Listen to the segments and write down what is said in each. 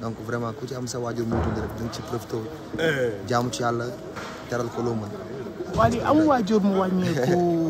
donc vraiment ku ci am sa waajur mo dund rek dang ci profité jamu ci yalla teral ko loo mën. am amul mo wagne ko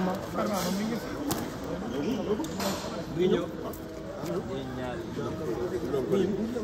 mama mama